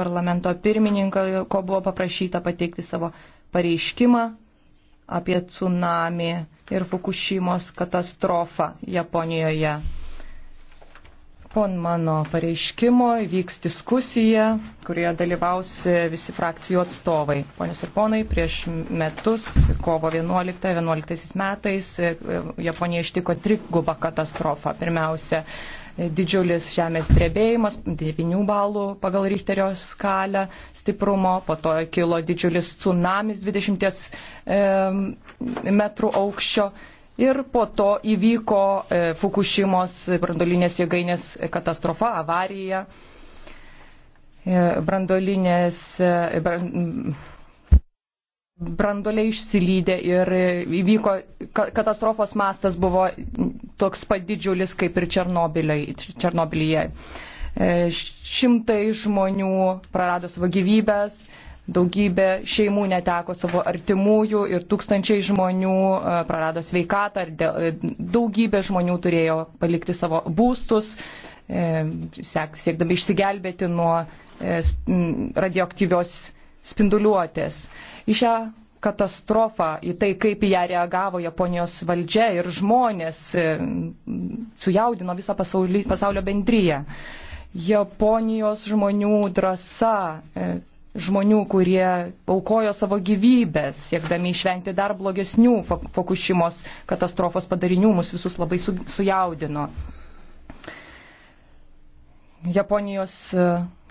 parlamento pirmininką, ko buvo paprašyta pateikti savo pareiškimą apie tsunami ir Fukushimos katastrofą Japonijoje. Po mano pareiškimo vyks diskusija, kurioje dalyvaus visi frakcijų atstovai. Ponios ir ponai, prieš metus, kovo 11-11 metais, Japonija ištiko triguba katastrofa. Pirmiausia, didžiulis žemės drebėjimas, 9 balų pagal Richterio skalę stiprumo, po to kilo didžiulis tsunamis 20 metrų aukščio ir po to įvyko e, Fukushimos brandolinės jėgainės katastrofa, avarija. E, brandolinės, e, brand, brandoliai išsilydė ir įvyko, katastrofos mastas buvo toks pat didžiulis kaip ir Černobilyje. Šimtai žmonių prarado savo gyvybės, Daugybė šeimų neteko savo artimųjų ir tūkstančiai žmonių e, prarado sveikatą, e, daugybė žmonių turėjo palikti savo būstus, e, siekdami išsigelbėti nuo radioaktyvios spinduliuotės. Į šią katastrofą, į tai, kaip į ją reagavo Japonijos valdžia ir žmonės, sujaudino visą pasaulio bendryją. Japonijos žmonių drąsa žmonių, kurie paukojo savo gyvybės, siekdami išvengti dar blogesnių Fukushimos katastrofos padarinių, mus visus labai su, sujaudino. Japonijos e,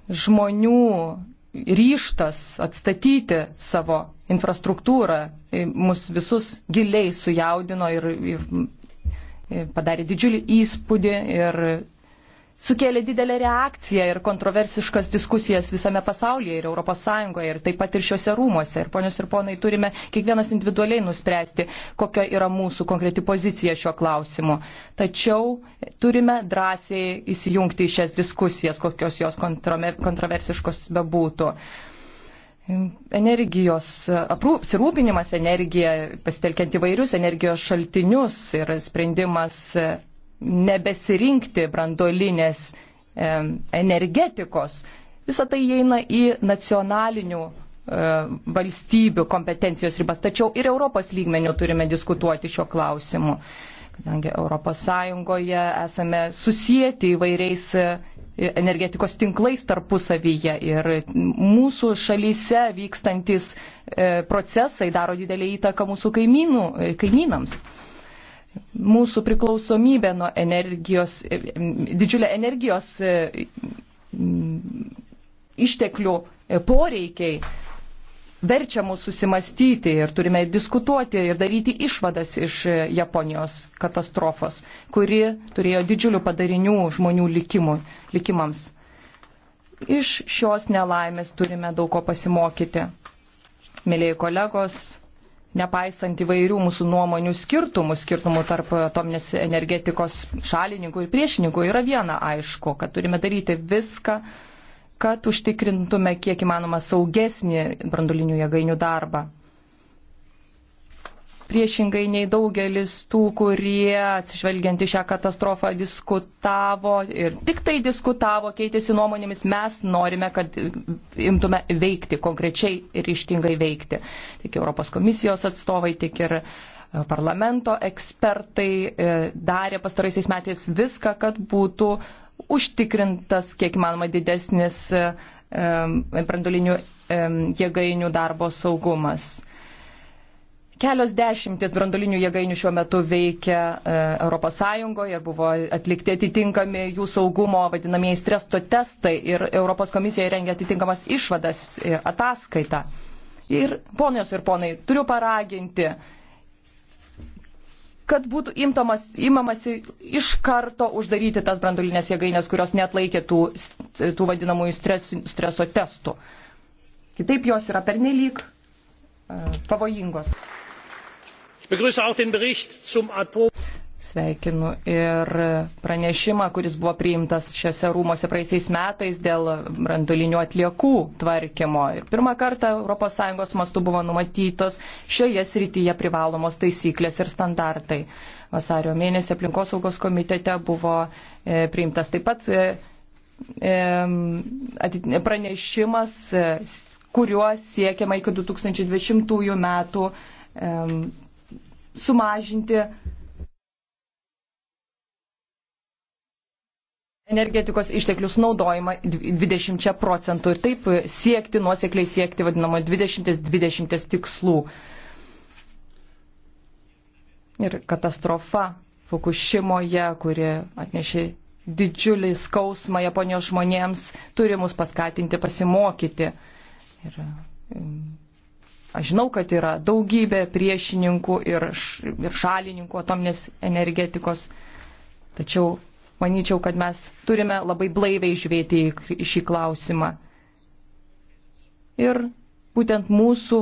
žmonių ryštas atstatyti savo infrastruktūrą e, mus visus giliai sujaudino ir, ir e, padarė didžiulį įspūdį ir sukėlė didelę reakciją ir kontroversiškas diskusijas visame pasaulyje ir ES ir taip pat ir šiuose rūmuose. Ir ponios ir ponai, turime kiekvienas individualiai nuspręsti, kokia yra mūsų konkreti pozicija šiuo klausimu. Tačiau turime drąsiai įsijungti į šias diskusijas, kokios jos kontroversiškos bebūtų. Energijos apsirūpinimas energija, pasitelkiant įvairius energijos šaltinius ir sprendimas nebesirinkti brandolinės energetikos. Visą tai įeina į nacionalinių e, valstybių kompetencijos ribas. Tačiau ir Europos lygmenių turime diskutuoti šio klausimu, kadangi ES esame susijęti įvairiais e, energetikos tinklais tarpusavyje ir mūsų šalyse vykstantis e, procesai daro didelį įtaką mūsų kaimynų, kaimynams mūsų priklausomybę nuo energijos, didžiulę energijos e, išteklių e, poreikiai verčia mus susimastyti ir turime diskutuoti ir daryti išvadas iš e, Japonijos katastrofos, kuri turėjo didžiulių padarinių žmonių likimų, likimams. Iš šios nelaimės turime daug ko pasimokyti. Mėlyi kolegos, nepaisant įvairių mūsų nuomonių skirtumų, skirtumų tarp atominės energetikos šalininkų ir priešininkų, yra viena aišku, kad turime daryti viską, kad užtikrintume kiek įmanoma saugesnį brandulinių jėgainių darbą priešingai nei daugelis tų, kurie atsižvelgiant į šią katastrofą diskutavo ir tik tai diskutavo, keitėsi nuomonėmis, mes norime, kad imtume veikti, konkrečiai ir ištingai veikti. Tik Europos komisijos atstovai, tik ir e, parlamento ekspertai e, darė pastaraisiais metais viską, kad būtų užtikrintas kiek manoma didesnis e, brandolinių jėgainių darbo saugumas. Kelios dešimtis brandolinių jėgainių šiuo metu veikia ES ir buvo atlikti atitinkami jų saugumo vadinamieji streso testai ir Europos komisija rengia atitinkamas išvadas ir ataskaitą. Ir ponios ir ponai, turiu paraginti kad būtų imtamas, imamasi iš karto uždaryti tas brandulinės jėgainės, kurios net laikė tų, tų vadinamųjų stres, streso testų. Kitaip jos yra pernelyg e, pavojingos. Sveikinu ir pranešimą, kuris buvo priimtas šiuose rūmose praeisiais metais dėl brandolinių atliekų tvarkymo. Ir pirmą kartą ES mastu buvo numatytos šioje srityje privalomos taisyklės ir standartai. Vasario mėnesį aplinkosaugos komitete buvo e, priimtas taip pat e, e, pranešimas, e, kuriuo siekiama iki 2020 metų. E, sumažinti energetikos išteklius naudojimą 20 procentų ir taip siekti, nuosekliai siekti vadinamo 20-20 tikslų. Ir katastrofa Fukushimoje, kuri atnešė didžiulį skausmą Japonijos žmonėms, turi mus paskatinti pasimokyti. Ir mm, Aš žinau, kad yra daugybė priešininkų ir, š, ir šalininkų atominės energetikos, tačiau manyčiau, kad mes turime labai blaiviai žvėti į šį klausimą. Ir būtent mūsų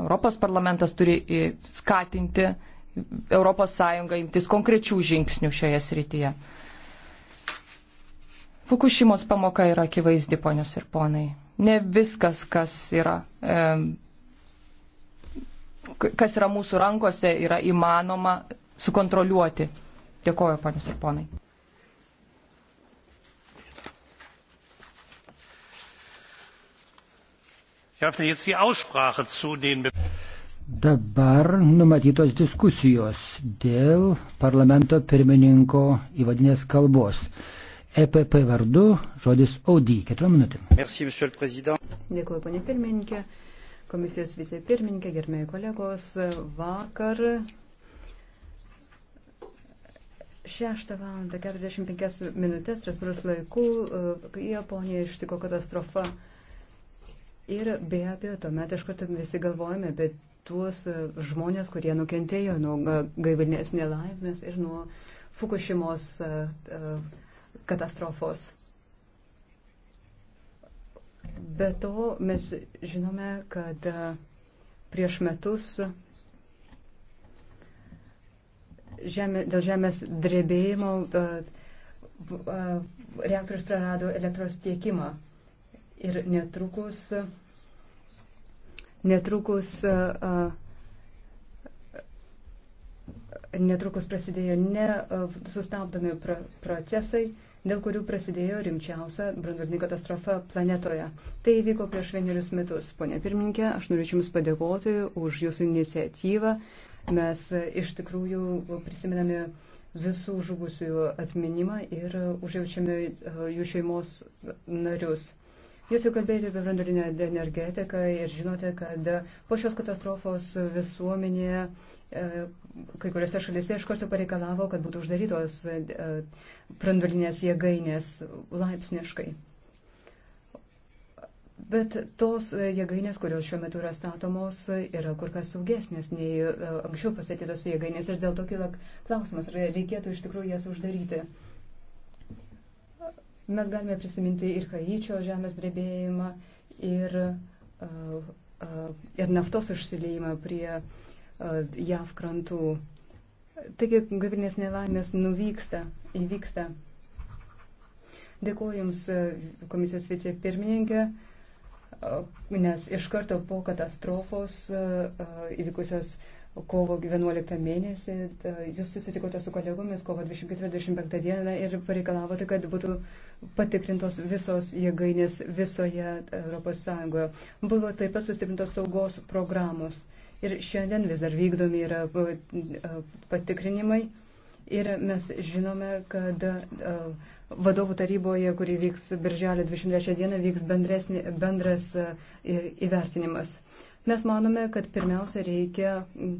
Europos parlamentas turi skatinti ES imtis konkrečių žingsnių šioje srityje. Fukushimos pamoka yra akivaizdi, ponios ir ponai. Ne viskas, kas yra e, kas yra mūsų rankose, yra įmanoma sukontroliuoti. Dėkoju, ponius ir ponai. Dabar numatytos diskusijos dėl parlamento pirmininko įvadinės kalbos. EPP vardu žodis Audy. Keturiom minutėm. Dėkuoju, ponė pirmininkė komisijos vicepirmininkė, gerbėjai kolegos, vakar 6 val. 45 minutės Respublikos laikų Japonijoje ištiko katastrofa. Ir be abejo, tuomet iš karto visi galvojame apie tuos e, žmonės, kurie nukentėjo nuo e, gaivinės nelaimės ir nuo Fukushimos e, katastrofos. Be to, mes žinome, kad e, prieš metus žemė, dėl žemės drebėjimo e, e, reaktorius prarado elektros tiekimą. Ir netrukus, netrukus, netrukus prasidėjo nesustabdomi procesai dėl kurių prasidėjo rimčiausia branduolinė katastrofa planetoje. Tai įvyko prieš vienerius metus. Pone pirmininkė, aš norėčiau Jums padėkoti už Jūsų iniciatyvą. Mes iš tikrųjų prisimename visų žuvusiųjų atminimą ir užjaučiame uh, jų šeimos narius. Jūs jau kalbėjote apie branduolinę energetiką ir žinote, kad po šios katastrofos visuomenėje E, kai kuriuose šalise iš karto pareikalavo, kad būtų uždarytos e, branduolinės jėgainės laipsniškai. Bet tos jėgainės, kurios šiuo metu yra statomos, yra kur kas saugesnės nei e, anksčiau pastatytos jėgainės ir dėl to kila klausimas, ar reikėtų iš tikrųjų jas uždaryti. Mes galime prisiminti ir Haičio žemės drebėjimą, ir, ir naftos išsileimą prie uh, E, JAV krantų. Taigi gavinės nelaimės nuvyksta, įvyksta. Dėkuoju Jums, e, komisijos vicepirmininkė, e, nes iš karto po katastrofos įvykusios kovo 11 mėnesį Jūs susitikote su kolegomis kovo 24-25 dieną ir pareikalavote, kad būtų patikrintos visos jėgainės visoje ES. Buvo taip pat sustiprintos saugos programos. Ir šiandien vis dar vykdomi yra patikrinimai. Ir mes žinome, kad vadovų taryboje, kuri vyks birželio 23 dieną, vyks bendresni, bendras įvertinimas. Mes manome, kad pirmiausia reikia mm,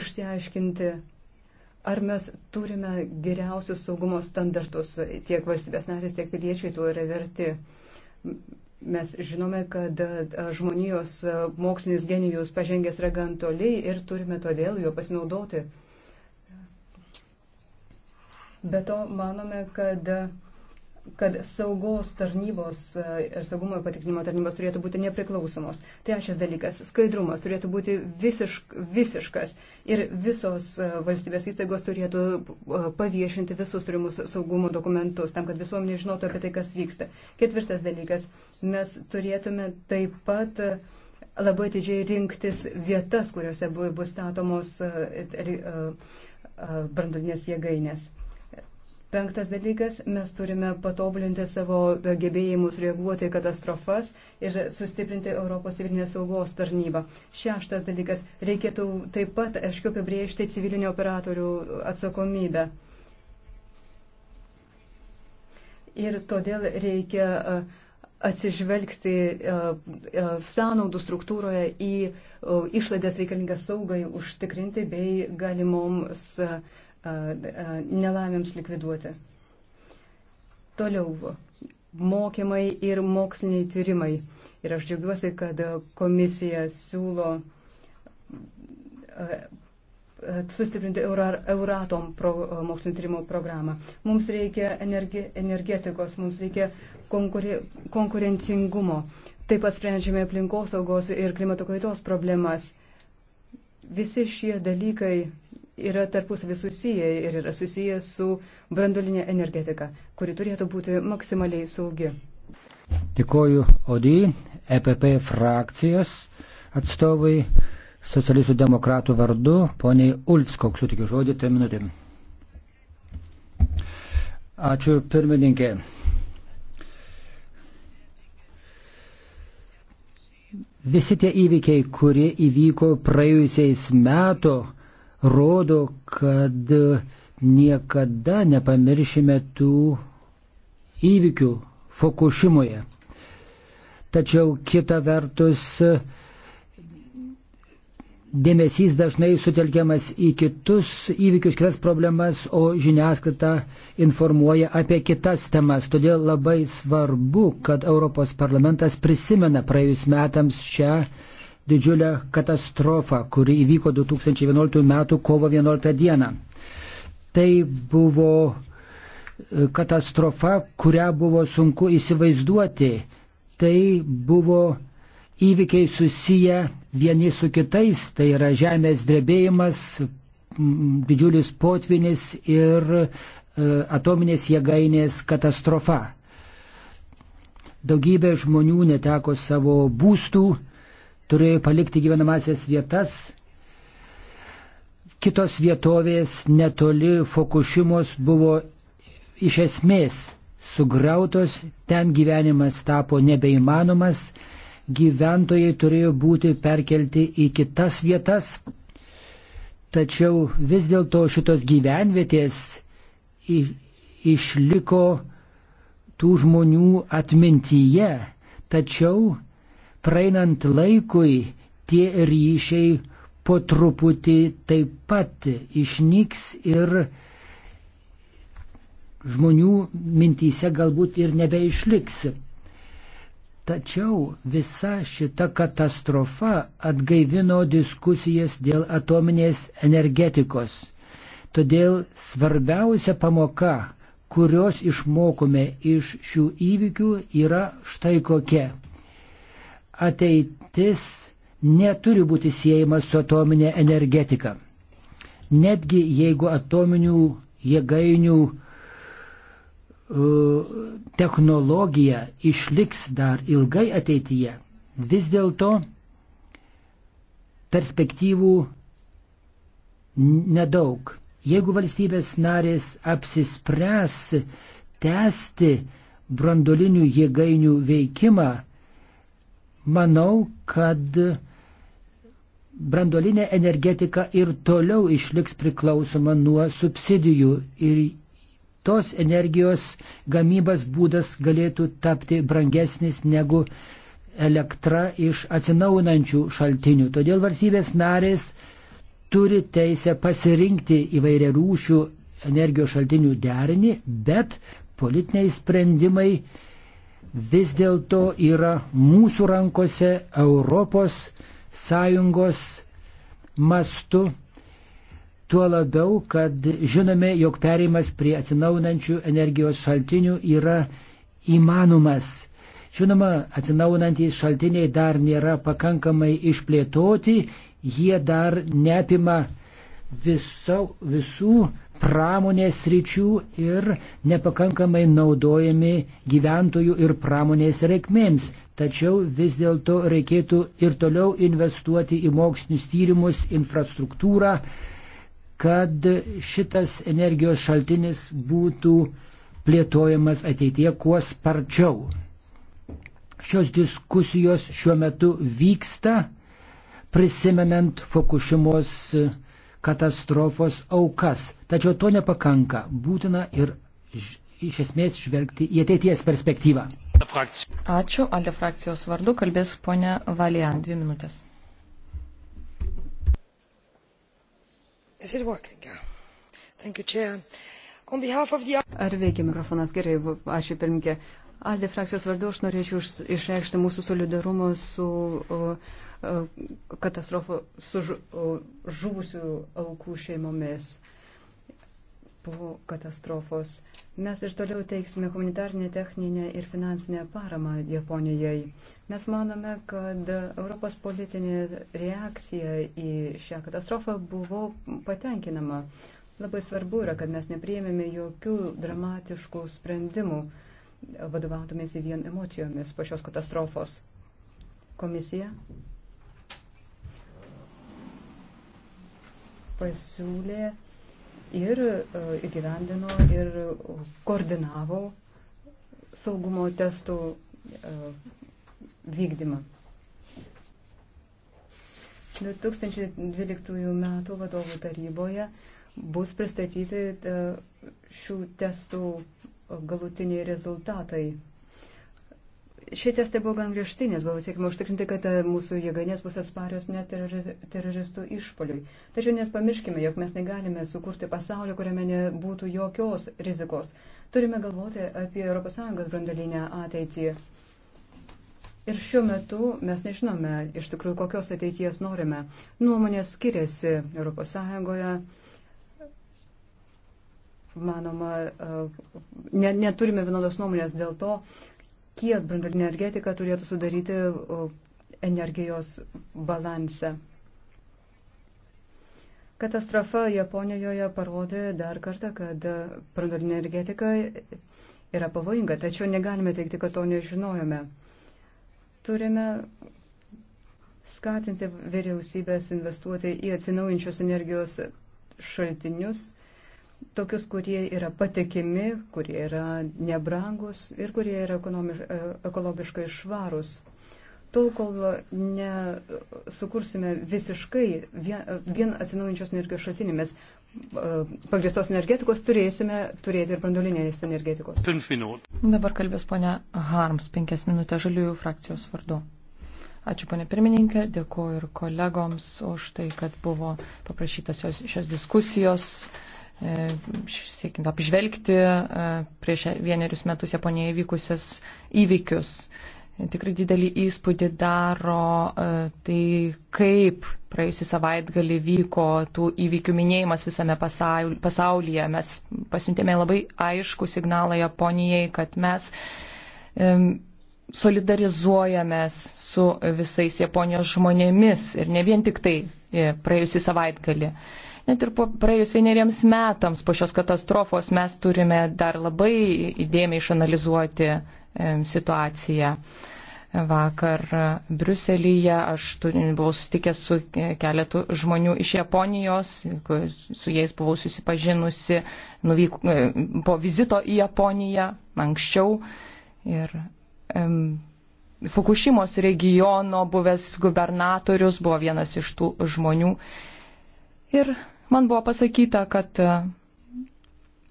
išsiaiškinti ar mes turime geriausius saugumo standartus tiek valstybės narės, tiek piliečiai tuo yra verti. Mes žinome, kad žmonijos mokslinis genijus pažengęs yra gan toliai ir turime todėl jo pasinaudoti. Be to, manome, kad kad saugos tarnybos e, ir saugumo patikrinimo tarnybos turėtų būti nepriklausomos. Trečias tai dalykas - skaidrumas turėtų būti visišk, visiškas ir visos e, valstybės įstaigos turėtų e, paviešinti visus turimus saugumo dokumentus, tam, kad visuomenė žinotų apie tai, kas vyksta. Ketvirtas dalykas - mes turėtume taip pat labai didžiai rinktis vietas, kuriuose bus statomos brandulinės jėgainės. Penktas dalykas, mes turime patobulinti savo gebėjimus reaguoti į katastrofas ir sustiprinti Europos civilinės saugos tarnybą. Šeštas dalykas, reikėtų taip pat aiškiau apibriežti civilinio operatorių atsakomybę. Ir todėl reikia atsižvelgti sąnaudų struktūroje į išlaidas reikalingas saugai užtikrinti bei galimoms uh, nelaimėms likviduoti. Toliau mokymai ir moksliniai tyrimai. Ir aš džiaugiuosi, kad komisija siūlo sustiprinti Euratom pro, mokslinio tyrimų programą. Mums reikia energi, energetikos, mums reikia konkuri, konkurencingumo. Taip pat sprendžiame aplinkosaugos ir klimato kaitos problemas. Visi šie dalykai yra tarpusavį susiję ir yra susiję su branduolinė energetika, kuri turėtų būti maksimaliai saugi. Dėkoju Odi, EPP frakcijos atstovai, socialistų demokratų vardu, poniai Ulfskok, sutikiu žodį, tai minutėm. Ačiū pirmininkė. Visi tie įvykiai, kurie įvyko praėjusiais metų, rodo, kad niekada nepamiršime tų įvykių Fukushimoje. Tačiau kita vertus, dėmesys dažnai sutelkiamas į kitus įvykius, kitas problemas, o žiniasklaida informuoja apie kitas temas. Todėl labai svarbu, kad Europos parlamentas prisimena praėjus metams šią didžiulę katastrofą, kuri įvyko 2011 m. kovo 11 d. Tai buvo e, katastrofa, kurią buvo sunku įsivaizduoti. Tai buvo įvykiai susiję vieni su kitais, tai yra žemės drebėjimas, didžiulis potvinis ir e, atominės jėgainės katastrofa. Daugybė žmonių neteko savo būstų, turėjo palikti gyvenamasias vietas. Kitos vietovės netoli Fukushimos buvo iš esmės sugrautos, ten gyvenimas tapo nebeįmanomas, gyventojai turėjo būti perkelti į kitas vietas. Tačiau vis dėlto šitos gyvenvietės išliko tų žmonių atmintyje. Tačiau praeinant laikui tie ryšiai po truputį taip pat išnyks ir žmonių mintyse galbūt ir nebeišliks. Tačiau visa šita katastrofa atgaivino diskusijas dėl atominės energetikos. Todėl svarbiausia pamoka, kurios išmokome iš šių įvykių, yra štai kokia. Ateitis neturi būti siejama su atominė energetika. Netgi jeigu atominių jėgainių E, technologija išliks dar ilgai ateityje, vis dėlto perspektyvų nedaug. Jeigu valstybės narės apsispręs tęsti brandolinių jėgainių veikimą, manau, kad brandolinė energetika ir toliau išliks priklausoma nuo subsidijų ir tos energijos gamybos būdas galėtų tapti brangesnis negu elektra iš atsinaujinančių šaltinių. Todėl valstybės narės turi teisę pasirinkti įvairia rūšių energijos šaltinių derinį, bet politiniai sprendimai vis dėlto yra mūsų rankose Europos Sąjungos mastu Tuo labiau, kad žinome, jog perimas prie atsinaunančių energijos šaltinių yra įmanomas. Žinoma, atsinaunantys šaltiniai dar nėra pakankamai išplėtoti, jie dar neapima viso, visų pramonės ryčių ir nepakankamai naudojami gyventojų ir pramonės reikmėms. Tačiau vis dėlto reikėtų ir toliau investuoti į mokslinius tyrimus, infrastruktūrą, kad šitas energijos šaltinis būtų plėtojamas ateityje kuo sparčiau. Šios diskusijos šiuo metu vyksta, prisimenant Fukushimos katastrofos aukas. Tačiau to nepakanka, būtina ir iš esmės žvelgti į ateities perspektyvą. Ačiū, Alde frakcijos vardu kalbės ponia Valian, dvi minutės. Ar veikia mikrofonas gerai? Ačiū pirmininkė. Alde frakcijos vardu aš norėčiau išreikšti mūsų solidarumą su katastrofų, su žuvusių aukų šeimomis po katastrofos. Mes ir toliau teiksime humanitarnę, techninę ir finansinę paramą Japonijai. Mes manome, kad Europos politinė reakcija į šią katastrofą buvo patenkinama. Labai svarbu yra, kad mes nepriėmėme jokių dramatiškų sprendimų, vadovautumėsi vien emocijomis po šios katastrofos. Komisija pasiūlė ir e, įgyvendino ir koordinavo saugumo testų e, vykdymą. 2012 m. vadovų taryboje bus pristatyti e, šių testų galutiniai rezultatai. Šie testai buvo gan griežti, nes buvo siekima užtikrinti, kad e, mūsų jėgainės bus atsparios net teroristų išpoliui. Tačiau nespamirškime, jog mes negalime sukurti pasaulio, kuriame nebūtų jokios rizikos. Turime galvoti apie ES brandalinę ateitį. Ir šiuo metu mes nežinome iš tikrųjų, kokios ateities norime. Nuomonės skiriasi ES. Manoma, e, ne, neturime vienodos nuomonės dėl to, kiek branduolinė energetika turėtų sudaryti energijos balansą. Katastrofa Japonijoje parodė dar kartą, kad branduolinė energetika yra pavojinga, tačiau negalime teikti, kad to nežinojome. Turime skatinti vyriausybės investuoti į atsinaujančios energijos šaltinius tokius, kurie yra patikimi, kurie yra nebrangus ir kurie yra e, ekologiškai švarus. Tol, kol nesukursime visiškai vien, vien atsinaujančios energijos šaltinėmis e, pagristos energetikos, turėsime turėti ir branduolinės energetikos. Dabar kalbės ponia Harms, penkias minutės žaliųjų frakcijos vardu. Ačiū, ponė pirmininkė, dėkuoju ir kolegoms už tai, kad buvo paprašytas šios, šios diskusijos. E, siekiant apžvelgti e, prieš vienerius metus Japonijoje įvykusius įvykius. Tikrai didelį įspūdį daro e, tai, kaip praėjusį savaitgalį vyko tų įvykių minėjimas visame pasaulyje. Mes pasiuntėme labai aišku signalą Japonijai, kad mes solidarizuojamės su visais Japonijos žmonėmis ir ne vien tik tai praėjusį savaitgalį. Net ir praėjus vieneriems metams po šios katastrofos mes turime dar labai įdėmiai išanalizuoti situaciją. Vakar e, Briuselyje aš buvau susitikęs su e, keletu žmonių iš Japonijos, su jais buvau susipažinusi nuvyk, e, po vizito į Japoniją anksčiau. Ir um, Fukushimos regiono buvęs gubernatorius buvo vienas iš tų žmonių. Ir Man buvo pasakyta, kad e,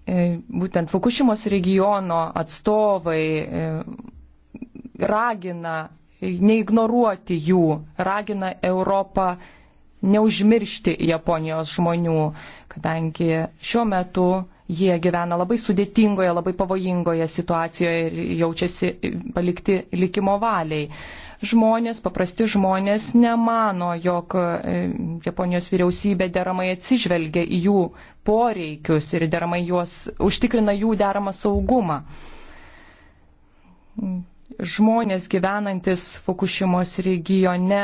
e, būtent Fukushimos regiono atstovai e, ragina neignoruoti jų, ragina Europą neužmiršti Japonijos žmonių, kadangi šiuo metu Jie gyvena labai sudėtingoje, labai pavojingoje situacijoje ir jaučiasi palikti likimo valiai. Žmonės, paprasti žmonės nemano, jog e, Japonijos vyriausybė deramai atsižvelgia į jų poreikius ir deramai juos užtikrina jų deramą saugumą žmonės gyvenantis Fukushimos regione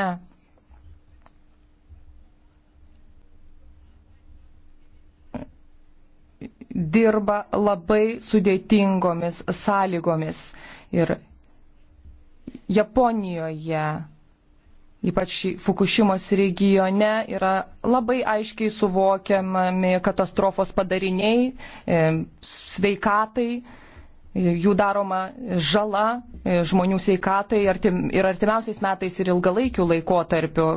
dirba labai sudėtingomis sąlygomis. Ir Japonijoje, ypač Fukushimos regione, yra labai aiškiai suvokiamami katastrofos padariniai e, sveikatai jų daroma žala e, žmonių sveikatai ir artimiausiais metais ir ilgalaikiu laikotarpiu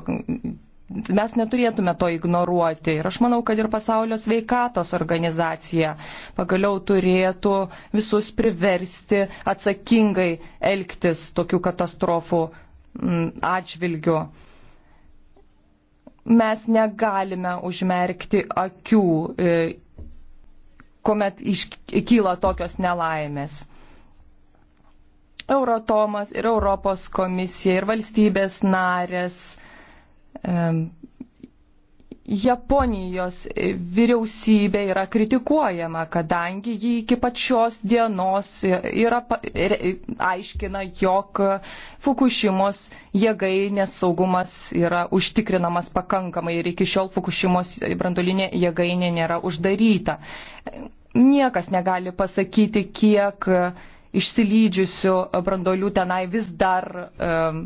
mes neturėtume to ignoruoti. Ir aš manau, kad ir pasaulio sveikatos organizacija pagaliau turėtų visus priversti atsakingai elgtis tokių katastrofų mm, atžvilgiu. Mes negalime užmerkti akių, e, kuomet iškyla tokios nelaimės. Eurotomas ir Europos komisija ir valstybės narės Japonijos vyriausybė yra kritikuojama, kadangi ji iki pačios dienos yra, aiškina, jog Fukushimos jėgainės saugumas yra užtikrinamas pakankamai ir iki šiol Fukushimos brandulinė jėgainė nėra uždaryta. Niekas negali pasakyti, kiek išsilydžiusių brandolių tenai vis dar um,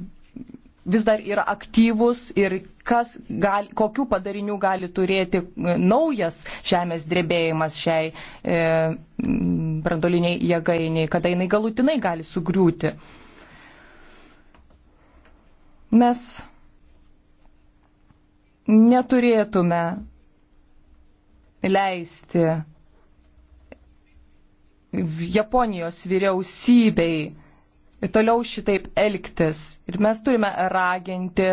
vis dar yra aktyvus ir kas gal, kokių padarinių gali turėti e, naujas žemės drebėjimas šiai e, brandoliniai jėgainiai, kada jinai galutinai gali sugriūti. Mes neturėtume leisti Japonijos vyriausybei toliau šitaip elgtis. Ir mes turime raginti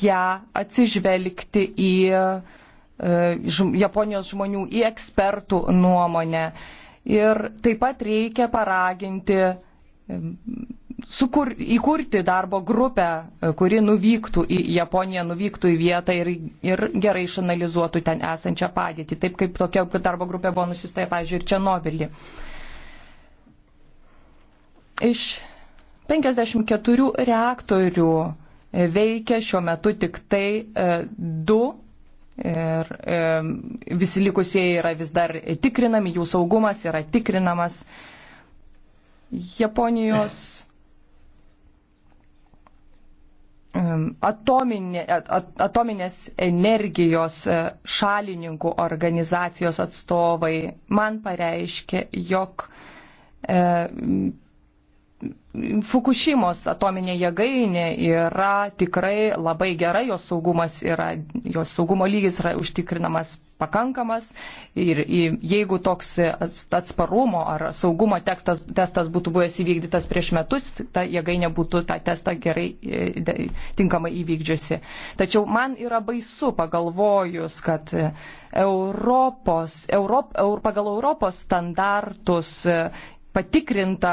ją atsižvelgti į e, Japonijos žmonių, į ekspertų nuomonę. Ir taip pat reikia paraginti sukur, įkurti darbo grupę, e, kuri nuvyktų į Japoniją, nuvyktų į vietą ir, ir gerai išanalizuotų ten esančią padėtį, taip kaip tokia darbo grupė buvo nusista, pavyzdžiui, ir Černobilį. Iš 54 reaktorių e, veikia šiuo metu tik tai e, du ir e, visi likusieji yra vis dar tikrinami, jų saugumas yra tikrinamas. Japonijos atominė, at, atominės energijos šalininkų organizacijos atstovai man pareiškė, jog e, Fukushimos atominė jėgainė yra tikrai labai gera, jos saugumas yra, jos saugumo lygis yra užtikrinamas pakankamas ir jeigu toks atsparumo ar saugumo tekstas, testas būtų buvęs įvykdytas prieš metus, ta jėgainė būtų tą testą gerai e, tinkamai įvykdžiusi. Tačiau man yra baisu pagalvojus, kad Europos, Europ, Europ, pagal Europos standartus e, patikrinta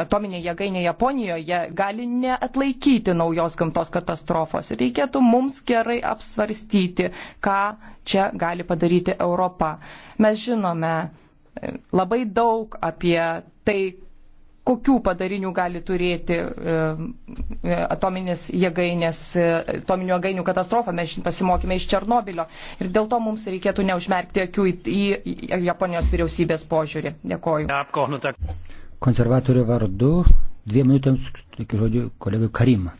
atominė jėgainė Japonijoje gali neatlaikyti naujos gamtos katastrofos. Reikėtų mums gerai apsvarstyti, ką čia gali padaryti Europa. Mes žinome e, labai daug apie tai, kokių padarinių gali turėti e, e, atominės jėgainės, e, atominių jėgainių katastrofa, mes pasimokime iš Černobilio. Ir dėl to mums reikėtų neužmerkti akių į, į, į Japonijos vyriausybės požiūrį. Dėkoju. Konservatorių vardu dviem minutėms, tokiu žodžiu, kolegai Karimą.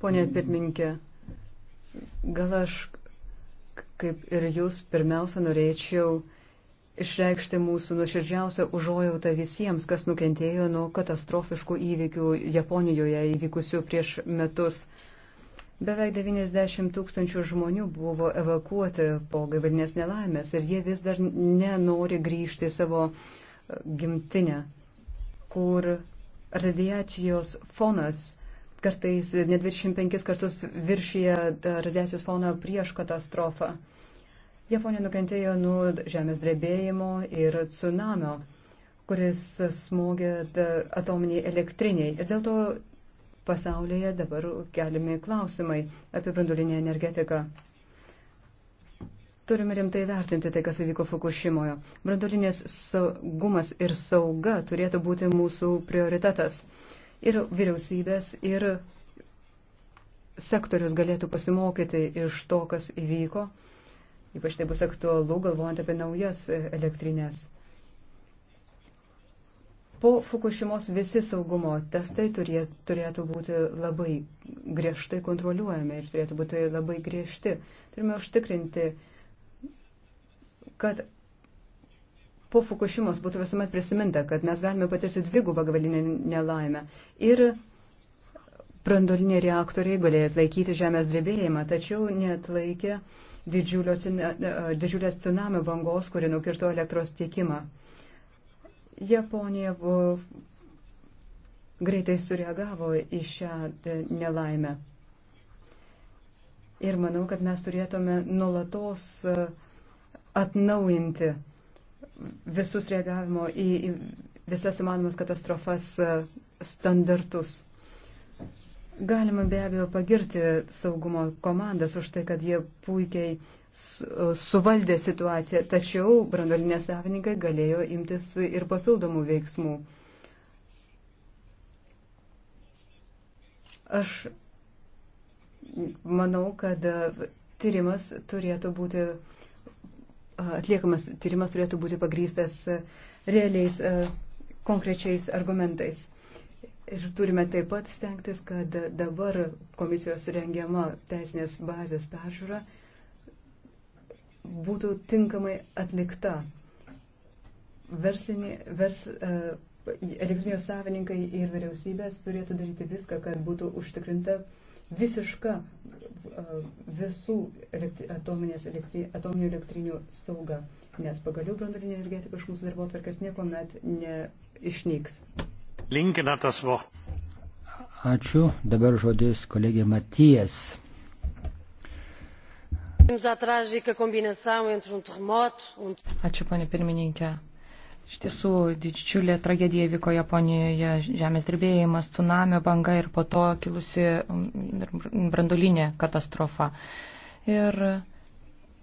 Pone pirmininkė, gal aš, kaip ir jūs, pirmiausia norėčiau išreikšti mūsų nuoširdžiausią užuojautą visiems, kas nukentėjo nuo katastrofiškų įvykių Japonijoje įvykusių prieš metus. Beveik 90 tūkstančių žmonių buvo evakuoti po gaivalinės nelaimės ir jie vis dar nenori grįžti į savo e, gimtinę, kur radiacijos fonas kartais net 25 kartus viršyje e, radiacijos foną prieš katastrofą. Japonija nukentėjo nuo žemės drebėjimo ir tsunamio, kuris smogė atominiai elektriniai. Ir dėl to pasaulyje dabar keliami klausimai apie branduolinę energetiką. Turime rimtai vertinti tai, kas įvyko Fukushimoje. Branduolinės saugumas ir sauga turėtų būti mūsų prioritetas. Ir vyriausybės, ir sektorius galėtų pasimokyti iš to, kas įvyko Ypač tai bus aktualu, galvojant apie naujas elektrinės. Po Fukushimos visi saugumo testai turė, turėtų būti labai griežtai kontroliuojami ir turėtų būti labai griežti. Turime užtikrinti, kad po Fukushimos būtų visuomet prisiminta, kad mes galime patirti dvigubą gavalinę nelaimę. Ir brandoliniai reaktoriai galėjo atlaikyti žemės drebėjimą, tačiau net laikė uh, E, didžiulės tsunami bangos, kuri nukirto elektros tiekimą. Japonija buvo, e, greitai sureagavo į šią e, nelaimę. Ir manau, kad mes turėtume nulatos atnaujinti visus reagavimo į visas įmanomas katastrofas standartus. Galima be abejo pagirti saugumo komandas už tai, kad jie puikiai suvaldė situaciją, tačiau brandolinė savininkai galėjo imtis ir papildomų veiksmų. Aš manau, kad tyrimas turėtų būti, atliekamas tyrimas turėtų būti pagrystas realiais konkrečiais argumentais. Ir turime taip pat stengtis, kad dabar komisijos rengiama teisinės bazės peržiūra būtų tinkamai atlikta. Versinė, vers, e, elektrinės savininkai ir vyriausybės turėtų daryti viską, kad būtų užtikrinta visiška e, visų elektri, atominės elektri, atominių elektrinių sauga, nes pagaliau branduolinė energetika iš mūsų darbo tvarkės niekuomet neišnyks. Linken hat das Wort. Ačiū. Dabar žodis kolegė Matijas. Um um Ačiū, panė pirmininkė. Iš tiesų, didžiulė tragedija vyko Japonijoje, žemės drebėjimas, tsunamio banga ir po to kilusi mm, brandolinė katastrofa. Ir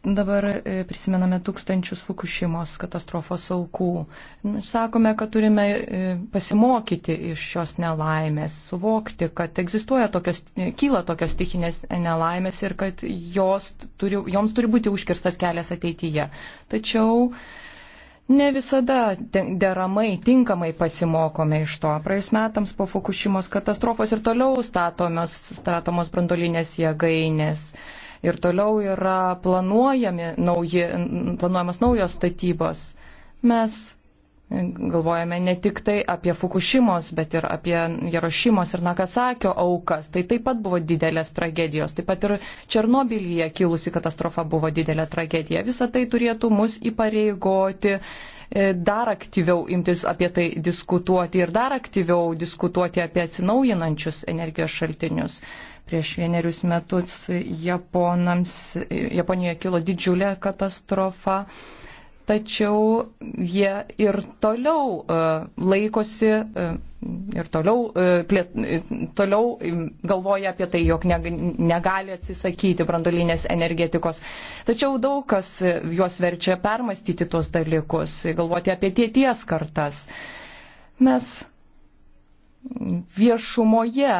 Dabar e, prisimename tūkstančius Fukushimos katastrofos aukų. Sakome, kad turime e, pasimokyti iš šios nelaimės, suvokti, kad egzistuoja tokios, e, kyla tokios tikinės nelaimės ir kad turi, joms turi būti užkirstas kelias ateityje. Tačiau ne visada deramai, tinkamai pasimokome iš to. Praėjus metams po Fukushimos katastrofos ir toliau statomos, statomos brandolinės jėgainės ir toliau yra nauji, planuojamas naujos statybos. Mes galvojame ne tik tai apie Fukushimos, bet ir apie Jarošimos ir Nakasakio aukas. Tai taip pat buvo didelės tragedijos. Taip pat ir Černobilyje kilusi katastrofa buvo didelė tragedija. Visą tai turėtų mus įpareigoti e, dar aktyviau imtis apie tai diskutuoti ir dar aktyviau diskutuoti apie atsinaujinančius energijos šaltinius. Prieš vienerius metus Japonams, Japonijoje kilo didžiulė katastrofa, tačiau jie ir toliau e, laikosi e, ir toliau, e, plėt, toliau galvoja apie tai, jog negali atsisakyti brandolinės energetikos. Tačiau daug kas juos verčia permastyti tuos dalykus, galvoti apie tėties kartas. Mes viešumoje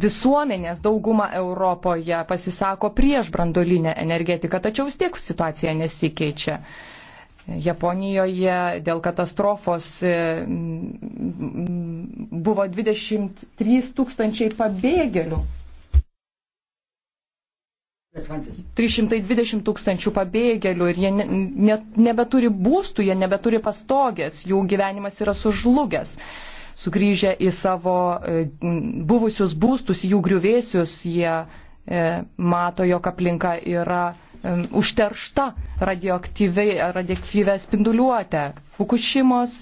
visuomenės dauguma Europoje pasisako prieš brandolinę energetiką, tačiau vis tiek situacija nesikeičia. Japonijoje dėl katastrofos e, buvo 23 tūkstančiai pabėgėlių. 320 tūkstančių pabėgėlių ir jie ne, ne, nebeturi būstų, jie nebeturi pastogės, jų gyvenimas yra sužlugęs. Uh, sugrįžę į savo e, buvusius būstus, jų griuvėsius, jie e, mato, jog aplinka yra e, užteršta radioaktyvę spinduliuotę. Fukushimos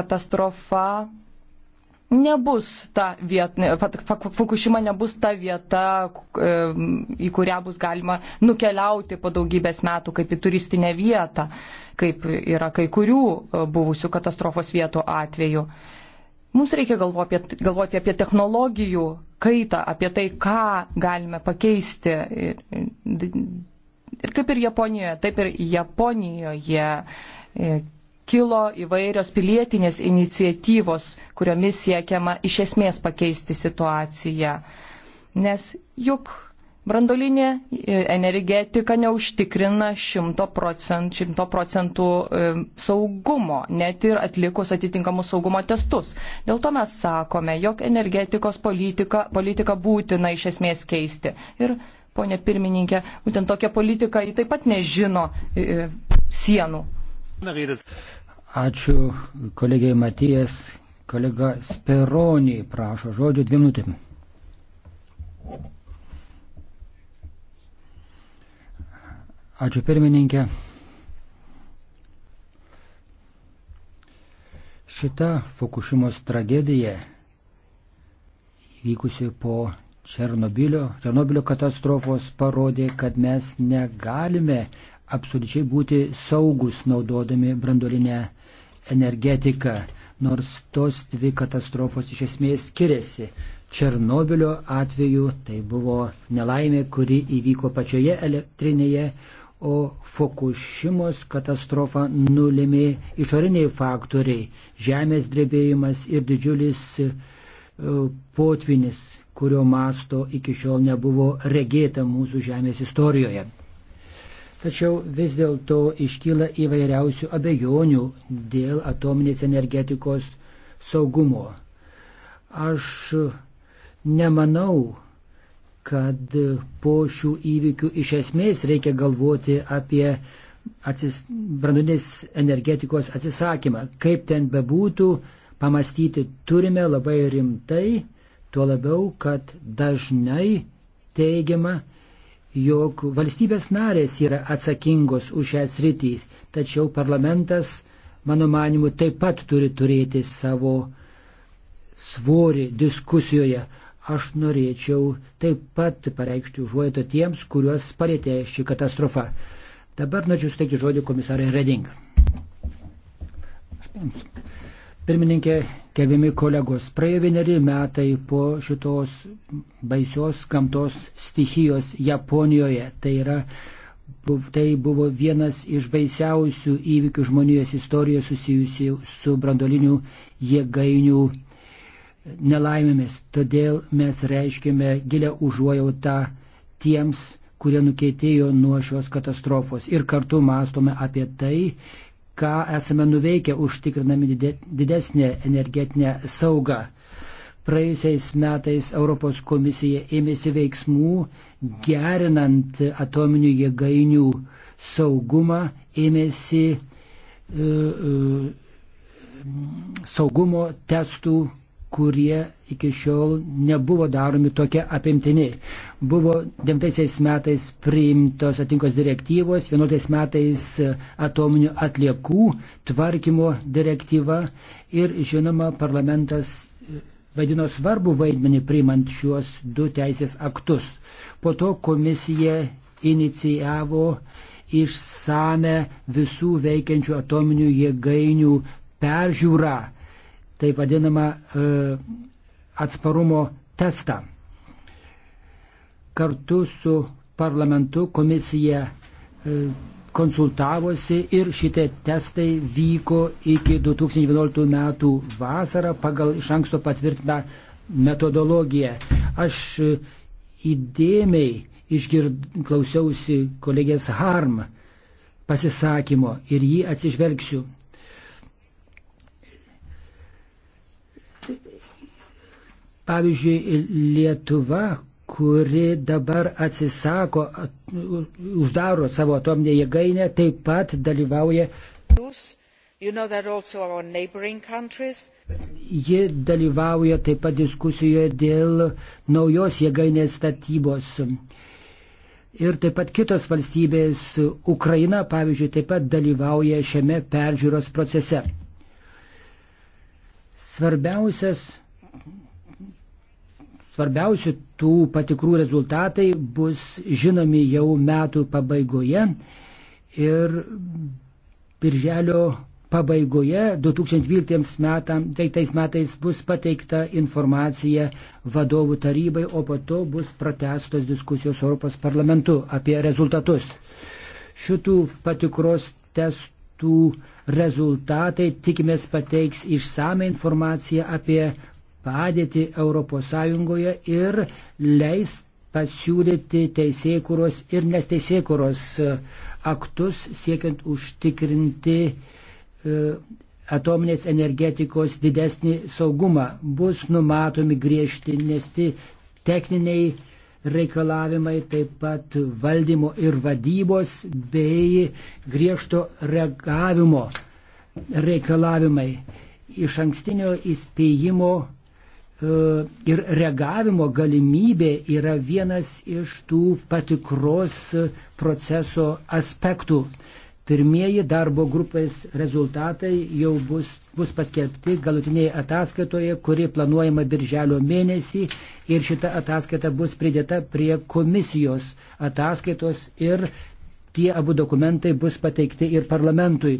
katastrofa nebus ta vieta, Fukushima nebus ta vieta, e, į kurią bus galima nukeliauti po daugybės metų kaip į turistinę vietą, kaip yra kai kurių e, buvusių katastrofos vietų atveju. Mums reikia galvoti apie, galvoti apie technologijų kaitą, apie tai, ką galime pakeisti. Ir, e, ir kaip ir Japonijoje, taip ir Japonijoje kilo įvairios pilietinės iniciatyvos, kuriomis siekiama iš esmės pakeisti situaciją. Nes juk brandolinė e, energetika neužtikrina 100 procentų, 100 e, procentų saugumo, net ir atlikus atitinkamus saugumo testus. Dėl to mes sakome, jog energetikos politika, politika būtina iš esmės keisti. Ir, ponė pirmininkė, būtent tokia politika jį taip pat nežino e, sienų. Ačiū kolegijai Matijas. Kolega Speronį prašo žodžio dviem minutėm. Ačiū pirmininkė. Šita Fukushimos tragedija vykusi po Černobilio, Černobilio katastrofos parodė, kad mes negalime absoliučiai būti saugus naudodami brandolinę energetiką, nors tos dvi katastrofos iš esmės skiriasi. Černobilio atveju tai buvo nelaimė, kuri įvyko pačioje elektrinėje, o Fukushimos katastrofą nulėmė išoriniai faktoriai - žemės drebėjimas ir didžiulis e, potvinis, kurio masto iki šiol nebuvo regėta mūsų žemės istorijoje. Tačiau vis dėlto iškyla įvairiausių abejonių dėl atominės energetikos saugumo. Aš nemanau, kad po šių įvykių iš esmės reikia galvoti apie atsis, brandulinės energetikos atsisakymą. Kaip ten bebūtų, pamastyti turime labai rimtai, tuo labiau, kad dažnai teigiama, jog valstybės narės yra atsakingos už šias rytys, tačiau parlamentas, mano manimu, taip pat turi turėti savo svorį diskusijoje. Aš norėčiau taip pat pareikšti užuojato tiems, kuriuos palėtė ši katastrofa. Dabar norėčiau suteikti žodį komisarai Reding. Aš Pirmininkė, kevimi kolegos, praėjo vieneri metai po šitos baisios gamtos stichijos Japonijoje. Tai, yra, tai buvo vienas iš baisiausių įvykių žmonijos istorijoje susijusių su brandolinių jėgainių nelaimėmis. Todėl mes reiškime gilę užuojautą tiems, kurie nukėtėjo nuo šios katastrofos. Ir kartu mąstome apie tai, ką esame nuveikę užtikrinami didesnę energetinę saugą. Praėjusiais metais Europos komisija ėmėsi veiksmų gerinant atominių jėgainių saugumą, ėmėsi uh, uh, saugumo testų kurie iki šiol nebuvo daromi tokia apimtini. Buvo 9 metais priimtos atinkos direktyvos, 11 metais atominių atliekų tvarkymo direktyva ir žinoma parlamentas vadino svarbu vaidmenį priimant šiuos du teisės aktus. Po to komisija inicijavo išsame visų veikiančių atominių jėgainių peržiūrą tai vadinamą e, atsparumo testą. Kartu su parlamentu komisija e, konsultavosi ir šitie testai vyko iki 2011 metų vasarą pagal iš anksto patvirtintą metodologiją. Aš e, įdėmiai išgird, klausiausi kolegės Harm pasisakymo ir jį atsižvelgsiu. Pavyzdžiui, Lietuva, kuri dabar atsisako, uždaro savo atominę jėgainę, taip pat dalyvauja. You know Ji dalyvauja taip pat diskusijoje dėl naujos jėgainės statybos. Ir taip pat kitos valstybės, Ukraina pavyzdžiui, taip pat dalyvauja šiame peržiūros procese. Svarbiausias Svarbiausi tų patikrų rezultatai bus žinomi jau metų pabaigoje ir birželio pabaigoje 2012 metam, tai tais metais bus pateikta informacija vadovų tarybai, o po to bus pratestos diskusijos Europos parlamentu apie rezultatus. Šitų patikros testų rezultatai tikimės pateiks išsame informaciją apie padėtį ES ir leis pasiūlyti teisėkuros ir nesteisėkuros e, aktus siekiant užtikrinti e, atominės energetikos didesnį saugumą. Bus numatomi griežtinesti techniniai reikalavimai, taip pat valdymo ir vadybos bei griežto reagavimo reikalavimai. Iš ankstinio įspėjimo E, ir reagavimo galimybė yra vienas iš tų patikros proceso aspektų. Pirmieji darbo grupės rezultatai jau bus, bus paskelbti galutinėje ataskaitoje, kuri planuojama birželio mėnesį ir šita ataskaita bus pridėta prie komisijos ataskaitos ir tie abu dokumentai bus pateikti ir parlamentui.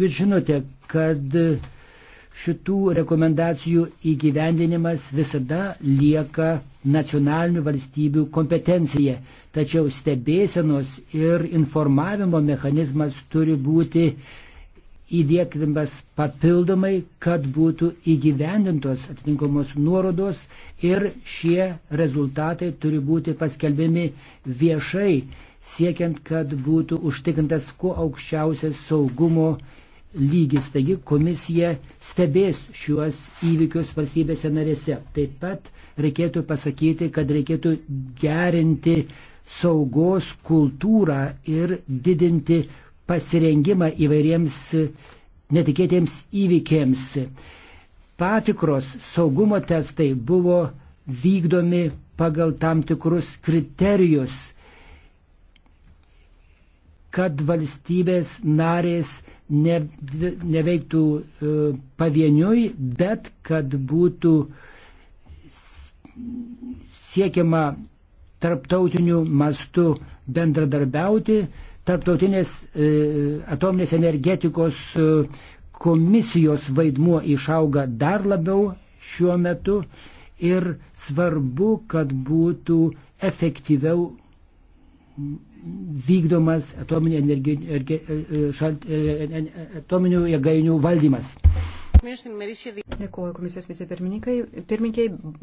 Jūs žinote, kad šitų rekomendacijų įgyvendinimas visada lieka nacionalinių valstybių kompetencija, tačiau stebėsenos ir informavimo mechanizmas turi būti įdėkdamas papildomai, kad būtų įgyvendintos atitinkamos nuorodos ir šie rezultatai turi būti paskelbiami viešai, siekiant, kad būtų užtikrintas kuo aukščiausias saugumo lygis. Taigi komisija stebės šiuos įvykius valstybėse narėse. Taip pat reikėtų pasakyti, kad reikėtų gerinti saugos kultūrą ir didinti pasirengimą įvairiems netikėtiems įvykiams. Patikros saugumo testai buvo vykdomi pagal tam tikrus kriterijus kad valstybės narės ne, neveiktų e, pavieniui, bet kad būtų siekiama tarptautiniu mastu bendradarbiauti. Tarptautinės e, atominės energetikos e, komisijos vaidmuo išauga dar labiau šiuo metu ir svarbu, kad būtų efektyviau vykdomas atominių, energi, e, e, šalt, e, atominių jėgainių valdymas. Dėkuoju komisijos vicepirmininkai.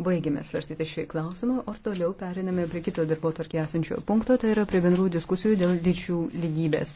Baigėme svarstyti šį klausimą, o toliau periname prie kito darbo tvarkė esančio punkto, tai yra prie bendrų diskusijų dėl lyčių lygybės.